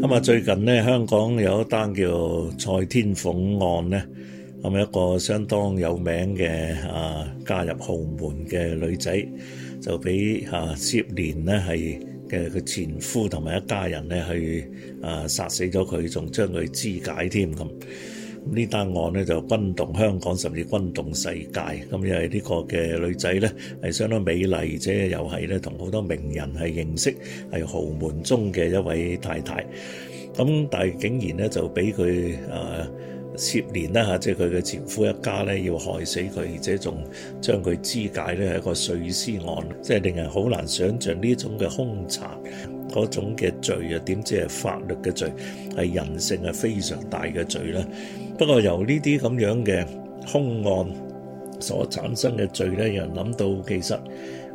咁啊，最近咧香港有一單叫蔡天鳳案咧，咁一個相當有名嘅啊嫁入豪門嘅女仔，就俾嚇接連咧係嘅佢前夫同埋一家人咧去啊殺死咗佢，仲將佢肢解添咁。呢單案咧就轟動香港，甚至轟動世界。咁因為呢個嘅女仔咧，係相當美麗，而且又係咧同好多名人係認識，係豪門中嘅一位太太。咁但係竟然咧就俾佢誒。呃涉連啦嚇，即係佢嘅前夫一家咧，要害死佢，而且仲將佢肢解咧，係一個碎屍案，即係令人好難想像呢種嘅凶殺嗰種嘅罪啊！點知係法律嘅罪，係人性係非常大嘅罪啦。不過由呢啲咁樣嘅凶案所產生嘅罪咧，有人諗到其實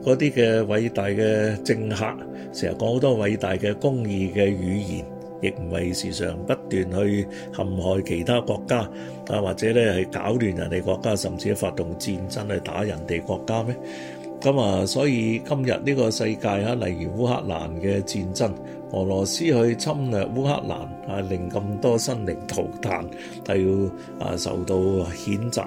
嗰啲嘅偉大嘅政客，成日講好多偉大嘅公義嘅語言。亦唔係時常不斷去陷害其他國家，啊或者咧係搞亂人哋國家，甚至發動戰爭去打人哋國家咩？咁啊，所以今日呢個世界啊，例如烏克蘭嘅戰爭，俄羅斯去侵略烏克蘭，啊令咁多生靈塗炭，又要啊受到譴責。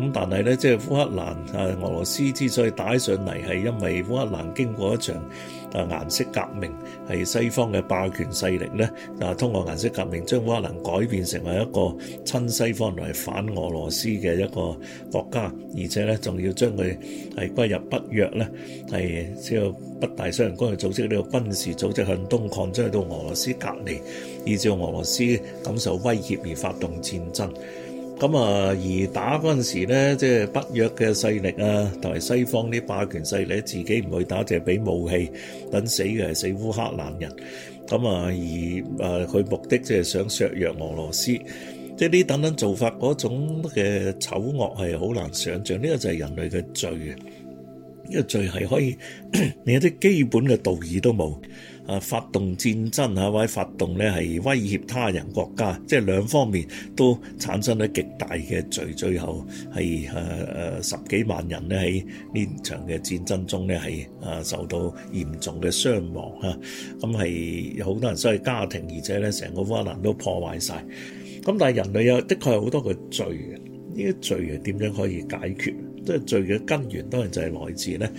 咁但係咧，即係烏克蘭啊，俄羅斯之所以打上嚟，係因為烏克蘭經過一場啊顏色革命，係西方嘅霸權勢力咧通過顏色革命將烏克蘭改變成為一個親西方同埋反俄羅斯嘅一個國家，而且咧仲要將佢係歸入北約咧，係只個北大西洋公約組織呢，這個軍事組織向東擴張去到俄羅斯隔離，以至俄羅斯感受威脅而發動戰爭。咁啊，而打嗰陣時咧，即係北約嘅勢力啊，同埋西方啲霸權勢力，自己唔去打，淨係俾武器等死嘅係死烏克蘭人。咁啊，而佢目的即係想削弱俄羅斯，即係呢等等做法嗰種嘅醜惡係好難想像，呢個就係人類嘅罪。呢個罪係可以連一啲基本嘅道義都冇。啊！發動戰爭嚇，或者發動咧係威脅他人國家，即係兩方面都產生咗極大嘅罪。最後係誒誒十幾萬人咧喺呢場嘅戰爭中咧係啊受到嚴重嘅傷亡嚇，咁係有好多人失去家庭，而且咧成個烏蘭都破壞曬。咁但係人類有，的確有好多個罪嘅。呢啲罪係點樣可以解決？即係罪嘅根源當然就係來自咧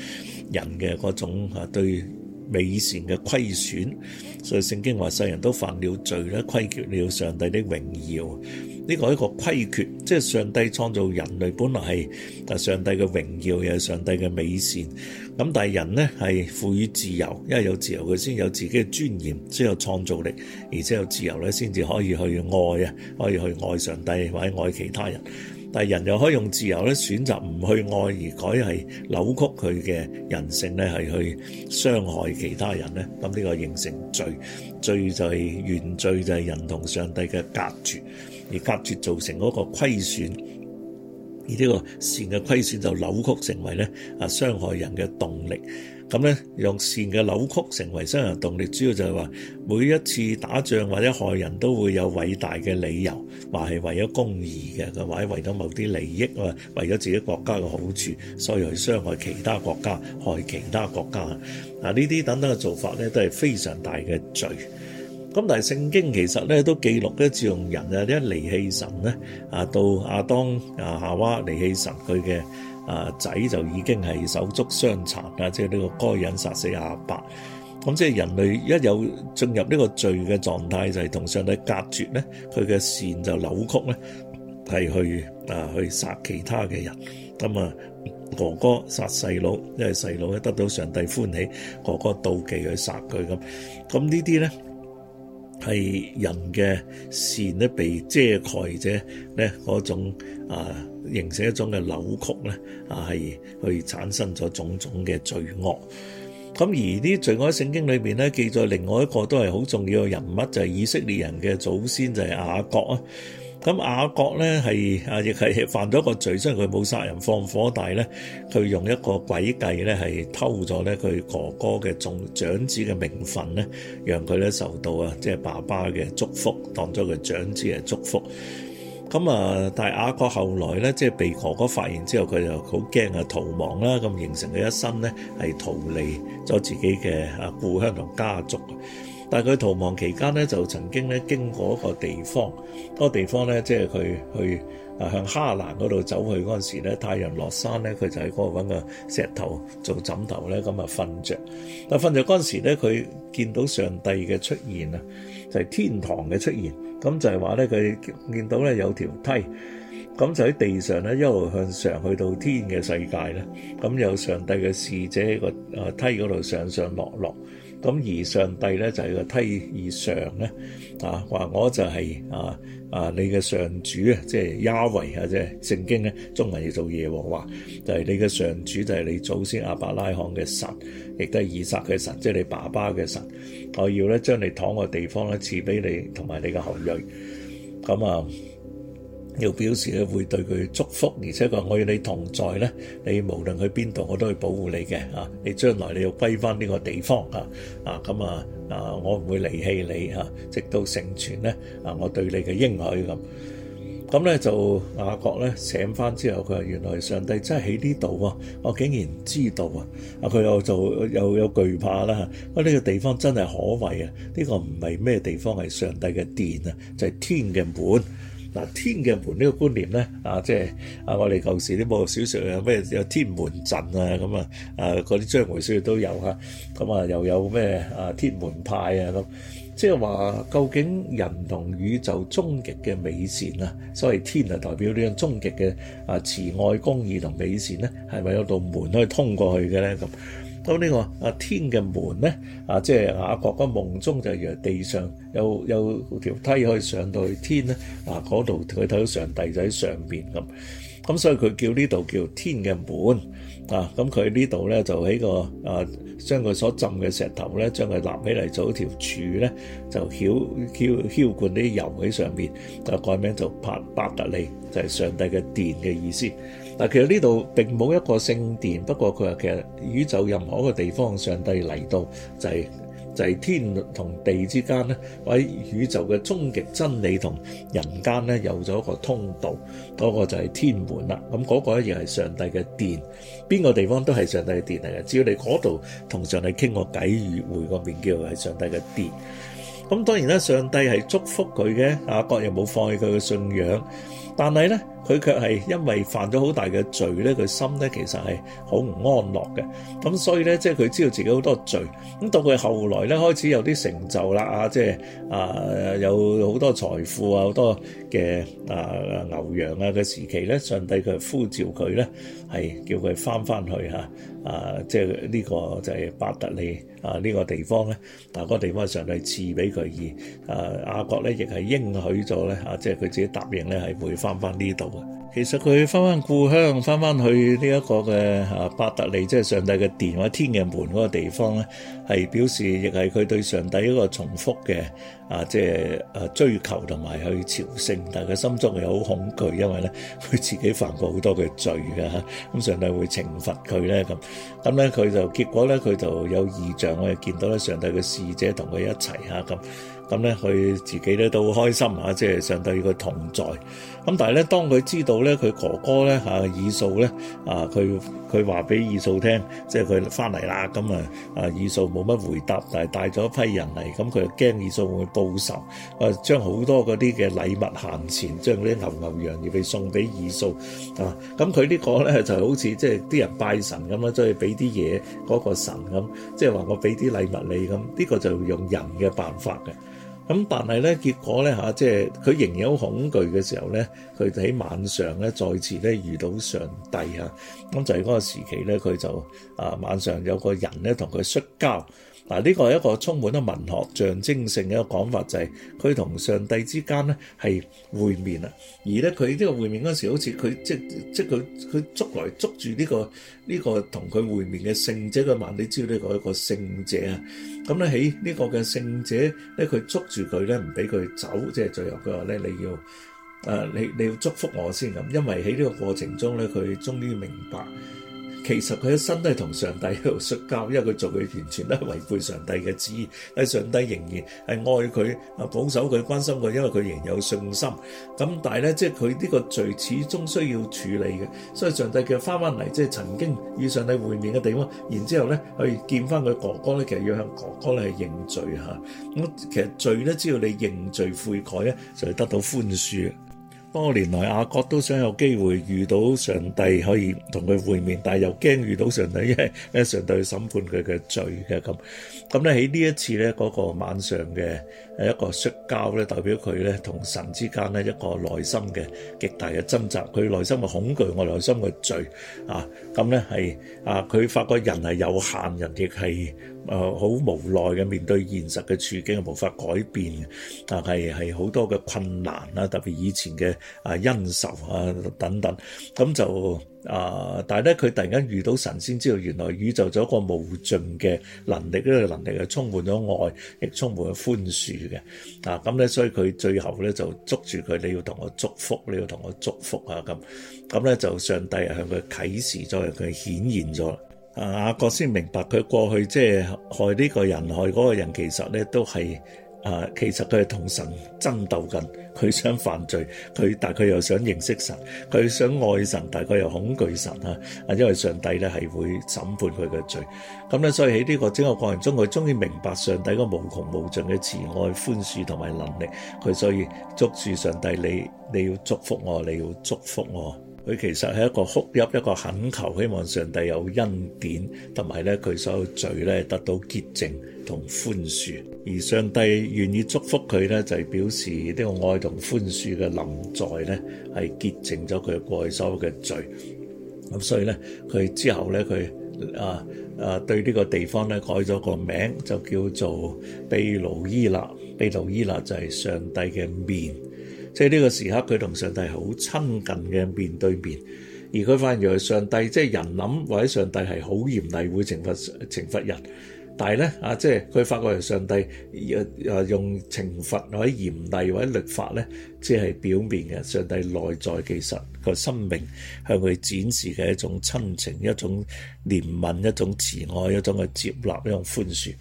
人嘅嗰種嚇對。美善嘅虧損，所以聖經話世人都犯了罪咧，虧缺了上帝的榮耀。呢、這個係一個虧缺，即係上帝創造人類本來係上帝嘅榮耀又係上帝嘅美善。咁但係人呢係賦予自由，因為有自由佢先有自己嘅尊嚴，先有創造力，而且有自由呢先至可以去愛啊，可以去愛上帝或者愛其他人。但係人又可以用自由咧選擇唔去愛而改，係扭曲佢嘅人性咧，係去傷害其他人咧。咁呢個形成罪，罪就係、是、原罪就係人同上帝嘅隔絕，而隔絕造成嗰個虧損，而呢個善嘅虧損就扭曲成為咧啊傷害人嘅動力。咁咧用善嘅扭曲成為傷人動力，主要就係話每一次打仗或者害人都會有偉大嘅理由，話係為咗公義嘅，或者為咗某啲利益啊，為咗自己國家嘅好處，所以去傷害其他國家，害其他國家。啊呢啲等等嘅做法咧，都係非常大嘅罪。咁但係聖經其實咧都記錄咧自從人啊一離棄神咧啊，到亞當啊夏娃離棄神佢嘅。啊！仔就已經係手足相殘啦，即係呢個該隱殺死亞伯。咁即係人類一有進入呢個罪嘅狀態，就係、是、同上帝隔絕咧，佢嘅善就扭曲咧，係去啊去殺其他嘅人。咁啊，哥哥殺細佬，因為細佬咧得到上帝歡喜，哥哥妒忌去殺佢咁。咁呢啲咧係人嘅善咧被遮蓋者咧嗰種啊。形成一種嘅扭曲咧，啊，係去產生咗種種嘅罪惡。咁而啲罪惡喺聖經裏面咧，記載另外一個都係好重要嘅人物，就係、是、以色列人嘅祖先就係雅各啊。咁雅各咧係啊，亦係犯咗一個罪，雖然佢冇殺人放火，但係咧佢用一個詭計咧係偷咗咧佢哥哥嘅長子嘅名分咧，讓佢咧受到啊即係爸爸嘅祝福，當咗佢長子嘅祝福。咁啊！但係雅各後來咧，即係被哥哥發現之後，佢就好驚啊，逃亡啦！咁形成佢一生咧係逃離咗自己嘅啊故鄉同家族。但佢逃亡期間咧，就曾經咧經過一個地方，嗰個地方咧即係佢去啊向哈蘭嗰度走去嗰陣時咧，太陽落山咧，佢就喺嗰度揾個石頭做枕頭咧，咁啊瞓着。但瞓着嗰陣時咧，佢見到上帝嘅出現啊，就係天堂嘅出現。就是咁就係話呢，佢見到呢有條梯，咁就喺地上呢一路向上，去到天嘅世界呢。咁有上帝嘅使者喺個梯嗰度上上落落。咁而上帝咧就係、是、個梯以上咧，啊話我就係啊啊你嘅上主啊，即係亞維啊，即係聖經咧中文叫做耶和華，就係你嘅上主，啊、就係你，你祖先阿伯拉罕嘅神，亦都係以撒嘅神，即係你爸爸嘅神。我要咧將你躺嘅地方咧賜俾你同埋你嘅後裔。咁啊～要表示咧，會對佢祝福，而且佢話：我與你同在咧，你無論去邊度，我都會保護你嘅啊！你將來你要歸翻呢個地方啊！啊咁啊啊！我唔會離棄你啊！直到成全咧啊！我對你嘅應許咁。咁咧就雅各咧醒翻之後，佢話：原來上帝真係喺呢度喎！我竟然唔知道啊！啊佢又就又有懼怕啦嚇！啊呢個地方真係可畏啊！呢、這個唔係咩地方，係上帝嘅殿啊，就係、是、天嘅門。嗱，天嘅門呢個觀念咧，啊，即係啊，我哋舊時啲武俠小説啊，咩有天門陣啊咁啊，啊嗰啲江湖小説都有嚇，咁啊又有咩啊天門派啊咁，即係話究竟人同宇宙終極嘅美善啊，所謂天啊，代表呢種終極嘅啊慈愛公義同美善咧，係咪有道門可以通過去嘅咧咁？到、這個、呢個啊天嘅門咧啊，即係亞國嗰夢中就以為地上有有條梯可以上到去天咧，嗱嗰度佢睇到上帝就喺上面咁，咁所以佢叫呢度叫天嘅門啊，咁佢呢度咧就喺個啊將佢所枕嘅石頭咧，將佢立起嚟做條柱咧，就澆澆澆灌啲油喺上面，做啊、就改、啊那個、名就拍伯特利，就係、是、上帝嘅殿嘅意思。嗱，其實呢度並冇一個聖殿，不過佢話其實宇宙任何一個地方，上帝嚟到就係、是、就係、是、天同地之間咧，或者宇宙嘅終極真理同人間咧有咗一個通道，嗰、那個就係天門啦。咁、那、嗰個亦係上帝嘅殿，邊個地方都係上帝嘅殿嚟嘅。只要你嗰度同上帝傾過偈與會個面，叫做係上帝嘅殿。咁當然啦，上帝係祝福佢嘅，啊，國又冇放棄佢嘅信仰，但係咧。佢卻係因為犯咗好大嘅罪咧，佢心咧其實係好唔安樂嘅。咁所以咧，即係佢知道自己好多罪。咁到佢後來咧，開始有啲成就啦啊，啊，啊，啊！即係啊，有好多財富啊，好多嘅啊牛羊啊嘅時期咧，上帝佢呼召佢咧，係叫佢翻翻去啊！即係呢個就係伯特利啊呢個地方咧，但、啊、個、這個地方上帝賜俾佢而啊雅各咧，亦係應許咗咧嚇，即係佢自己答應咧係會翻翻呢度。其實佢翻翻故鄉，翻翻去呢一個嘅啊伯特利，即係上帝嘅殿或天嘅門嗰個地方咧，係表示亦係佢對上帝一個重複嘅啊，即係啊追求同埋去朝聖，但係佢心中係好恐懼，因為咧佢自己犯過好多嘅罪嘅吓，咁、啊、上帝會懲罰佢咧咁，咁咧佢就結果咧佢就有異象，我哋見到咧上帝嘅使者同佢一齊吓咁。啊啊咁咧，佢自己咧都開心，即係上帝與佢同在。咁但係咧，當佢知道咧，佢哥哥咧嚇以掃咧啊，佢佢話俾以掃聽，即係佢翻嚟啦。咁啊啊，以掃冇乜回答，但係帶咗一批人嚟。咁佢就驚以掃會報仇，佢將好多嗰啲嘅禮物行前，將啲牛牛羊而被送俾以掃啊。咁佢呢個咧就好似即係啲人拜神咁即係俾啲嘢嗰個神咁，即係話我俾啲禮物你咁。呢個就用人嘅辦法嘅。咁但係咧，結果咧吓，即係佢仍有恐懼嘅時候咧，佢喺晚上咧再次咧遇到上帝嚇。咁就係嗰個時期咧，佢就啊晚上有個人咧同佢摔跤。嗱，呢個係一個充滿咗文學象徵性嘅一個講法，就係佢同上帝之間咧係會面啊，而咧佢呢個會面嗰時，好似佢即即佢佢捉來捉住呢個呢個同佢會面嘅聖者佢話你知呢個一個聖者啊，咁咧喺呢個嘅聖者咧，佢捉住佢咧唔俾佢走，即係最後佢話咧，你要誒你你要祝福我先咁，因為喺呢個過程中咧，佢終於明白。其實佢一生都係同上帝喺度摔交，因為佢做嘅完全，全都係違背上帝嘅旨意，但上帝仍然係愛佢，啊保守佢，關心佢，因為佢仍有信心。咁但係咧，即係佢呢個罪始終需要處理嘅，所以上帝叫翻翻嚟，即係曾經與上帝會面嘅地方，然之後咧去見翻佢哥哥咧，其實要向哥哥咧去認罪吓。咁其實罪咧，只要你認罪悔改咧，就得到寬恕。多年來，雅各都想有機會遇到上帝，可以同佢會面，但係又驚遇到上帝，因為咧上帝審判佢嘅罪嘅咁。咁咧喺呢一次咧，嗰個晚上嘅一個摔跤咧，代表佢咧同神之間咧一個內心嘅極大嘅掙扎，佢內心嘅恐懼，我內心嘅罪啊。咁咧係啊，佢發覺人係有限，人亦係。誒好、呃、無奈嘅面對現實嘅處境，無法改變，但係係好多嘅困難啊特別以前嘅啊恩仇啊等等，咁就啊，但係咧佢突然間遇到神仙之後原來宇宙有一個無盡嘅能力咧，這個、能力係充滿咗愛，亦充滿咗寬恕嘅，啊咁咧，所以佢最後咧就捉住佢，你要同我祝福，你要同我祝福啊咁，咁咧就上帝就向佢啟示，咗，佢顯現咗。啊！雅各先明白佢過去即係害呢個人、害嗰個人，其實咧都係啊，其實佢係同神爭鬥緊。佢想犯罪，佢但佢又想認識神，佢想愛神，但佢又恐懼神啊！啊，因為上帝咧係會審判佢嘅罪。咁咧，所以喺呢個整個過程中，佢終於明白上帝嗰無窮無盡嘅慈愛、寬恕同埋能力。佢所以捉住上帝，你你要祝福我，你要祝福我。佢其實係一個哭泣，一個懇求，希望上帝有恩典，同埋咧佢所有罪咧得到潔淨同寬恕。而上帝願意祝福佢咧，就係表示呢個愛同寬恕嘅臨在咧，係潔淨咗佢過去所有嘅罪。咁所以咧，佢之後咧，佢啊啊對呢個地方咧改咗個名，就叫做庇勞伊納。庇勞伊納就係上帝嘅面。即係呢個時刻，佢同上帝好親近嘅面對面，而佢發現原來上帝即係人諗或者上帝係好嚴厲會懲罰懲罰人，但係咧啊，即係佢發覺係上帝又又用懲罰或者嚴厲或者律法咧，只係表面嘅，上帝內在其實個生命向佢展示嘅一種親情、一種憐憫、一種慈愛、一種去接納、一種寬恕。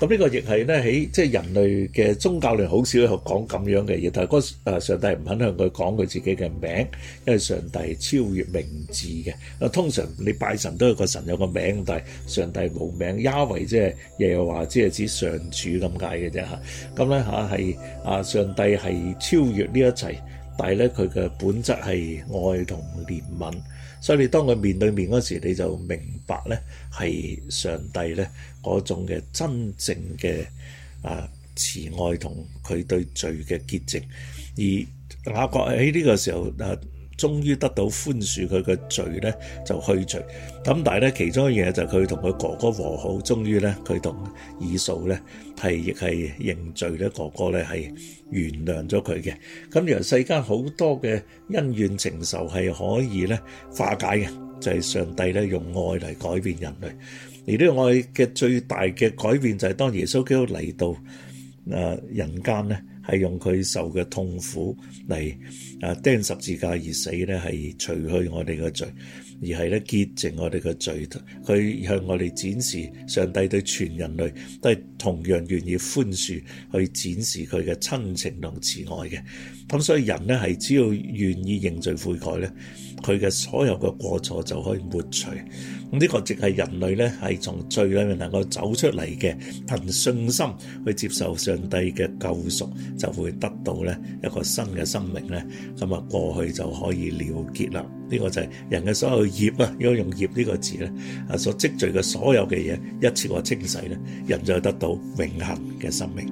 咁呢個亦係咧，喺即係人類嘅宗教裏好少講咁樣嘅嘢，但係嗰，誒上帝唔肯向佢講佢自己嘅名，因為上帝超越名字嘅。啊，通常你拜神都有個神有個名，但係上帝冇名，亞維即係耶和華，即係指上主咁解嘅啫嚇。咁咧嚇係啊，上帝係超越呢一切，但係咧佢嘅本質係愛同憐憫。所以你當佢面對面嗰時，你就明白咧，係上帝咧嗰種嘅真正嘅啊慈愛同佢對罪嘅潔淨，而雅國喺呢個時候啊。終於得到寬恕，佢嘅罪咧就去除。咁但係咧，其中一樣嘢就係佢同佢哥哥和好，終於咧佢同二嫂咧係亦係認罪咧，哥哥咧係原諒咗佢嘅。咁由世間好多嘅恩怨情仇係可以咧化解嘅，就係上帝咧用愛嚟改變人類。而呢個愛嘅最大嘅改變就係當耶穌基督嚟到誒人間咧。係用佢受嘅痛苦嚟啊釘十字架而死咧，係除去我哋嘅罪，而係咧潔淨我哋嘅罪。佢向我哋展示上帝對全人類都係同樣願意寬恕，去展示佢嘅親情同慈愛嘅。咁所以人咧係只要願意認罪悔改咧，佢嘅所有嘅過錯就可以抹除。咁呢個即係人類咧係從罪裏面能夠走出嚟嘅，憑信心去接受上帝嘅救贖。就會得到咧一個新嘅生命咧，咁啊過去就可以了結啦。呢、這個就係人嘅所有的業啊，要用業呢個字咧啊所積聚嘅所有嘅嘢一次過清洗咧，人就得到永恆嘅生命。